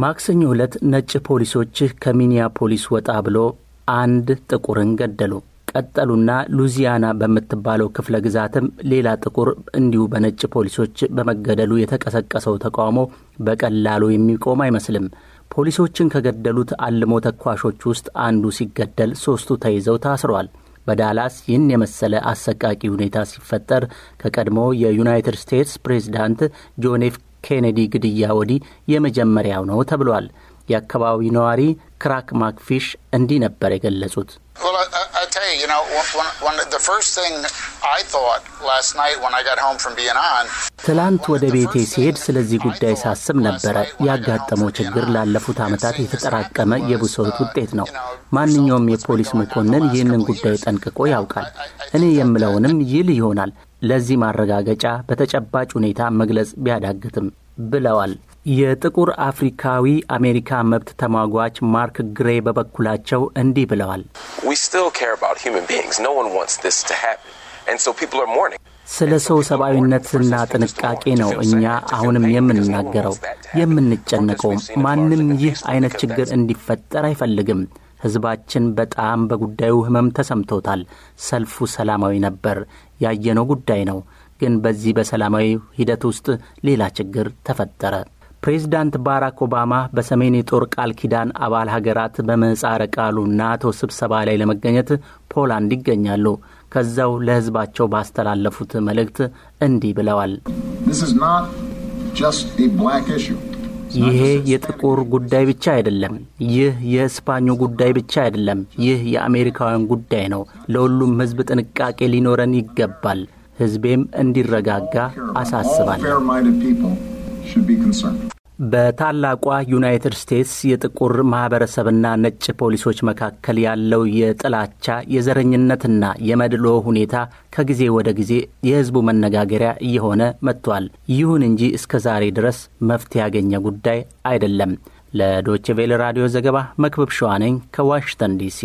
ማክሰኞ ዕለት ነጭ ፖሊሶች ከሚኒያፖሊስ ወጣ ብሎ አንድ ጥቁርን ገደሉ። ቀጠሉና ሉዚያና በምትባለው ክፍለ ግዛትም ሌላ ጥቁር እንዲሁ በነጭ ፖሊሶች በመገደሉ የተቀሰቀሰው ተቃውሞ በቀላሉ የሚቆም አይመስልም። ፖሊሶችን ከገደሉት አልሞ ተኳሾች ውስጥ አንዱ ሲገደል ሦስቱ ተይዘው ታስረዋል። በዳላስ ይህን የመሰለ አሰቃቂ ሁኔታ ሲፈጠር ከቀድሞ የዩናይትድ ስቴትስ ፕሬዚዳንት ጆን ኤፍ ኬኔዲ ግድያ ወዲህ የመጀመሪያው ነው ተብሏል። የአካባቢ ነዋሪ ክራክ ማክፊሽ እንዲህ ነበር የገለጹት። ትላንት ወደ ቤቴ ሲሄድ ስለዚህ ጉዳይ ሳስብ ነበረ። ያጋጠመው ችግር ላለፉት ዓመታት የተጠራቀመ የብሶት ውጤት ነው። ማንኛውም የፖሊስ መኮንን ይህንን ጉዳይ ጠንቅቆ ያውቃል። እኔ uh, የምለውንም ይል ይሆናል። ለዚህ ማረጋገጫ በተጨባጭ ሁኔታ መግለጽ ቢያዳግትም ብለዋል። የጥቁር አፍሪካዊ አሜሪካ መብት ተሟጓች ማርክ ግሬ በበኩላቸው እንዲህ ብለዋል። ስለ ሰው ሰብአዊነትና ጥንቃቄ ነው እኛ አሁንም የምንናገረው የምንጨነቀውም። ማንም ይህ አይነት ችግር እንዲፈጠር አይፈልግም። ሕዝባችን በጣም በጉዳዩ ህመም ተሰምቶታል። ሰልፉ ሰላማዊ ነበር፣ ያየነው ጉዳይ ነው። ግን በዚህ በሰላማዊ ሂደት ውስጥ ሌላ ችግር ተፈጠረ። ፕሬዚዳንት ባራክ ኦባማ በሰሜን የጦር ቃል ኪዳን አባል ሀገራት በመጻረ ቃሉ ናቶ ስብሰባ ላይ ለመገኘት ፖላንድ ይገኛሉ። ከዛው ለህዝባቸው ባስተላለፉት መልእክት እንዲህ ብለዋል። ይሄ የጥቁር ጉዳይ ብቻ አይደለም። ይህ የስፓኞ ጉዳይ ብቻ አይደለም። ይህ የአሜሪካውያን ጉዳይ ነው። ለሁሉም ሕዝብ ጥንቃቄ ሊኖረን ይገባል። ሕዝቤም እንዲረጋጋ አሳስባል። በታላቋ ዩናይትድ ስቴትስ የጥቁር ማህበረሰብና ነጭ ፖሊሶች መካከል ያለው የጥላቻ የዘረኝነትና የመድሎ ሁኔታ ከጊዜ ወደ ጊዜ የህዝቡ መነጋገሪያ እየሆነ መጥቷል። ይሁን እንጂ እስከ ዛሬ ድረስ መፍትሄ ያገኘ ጉዳይ አይደለም። ለዶችቬል ራዲዮ ዘገባ መክበብ ሸዋነኝ ከዋሽንግተን ዲሲ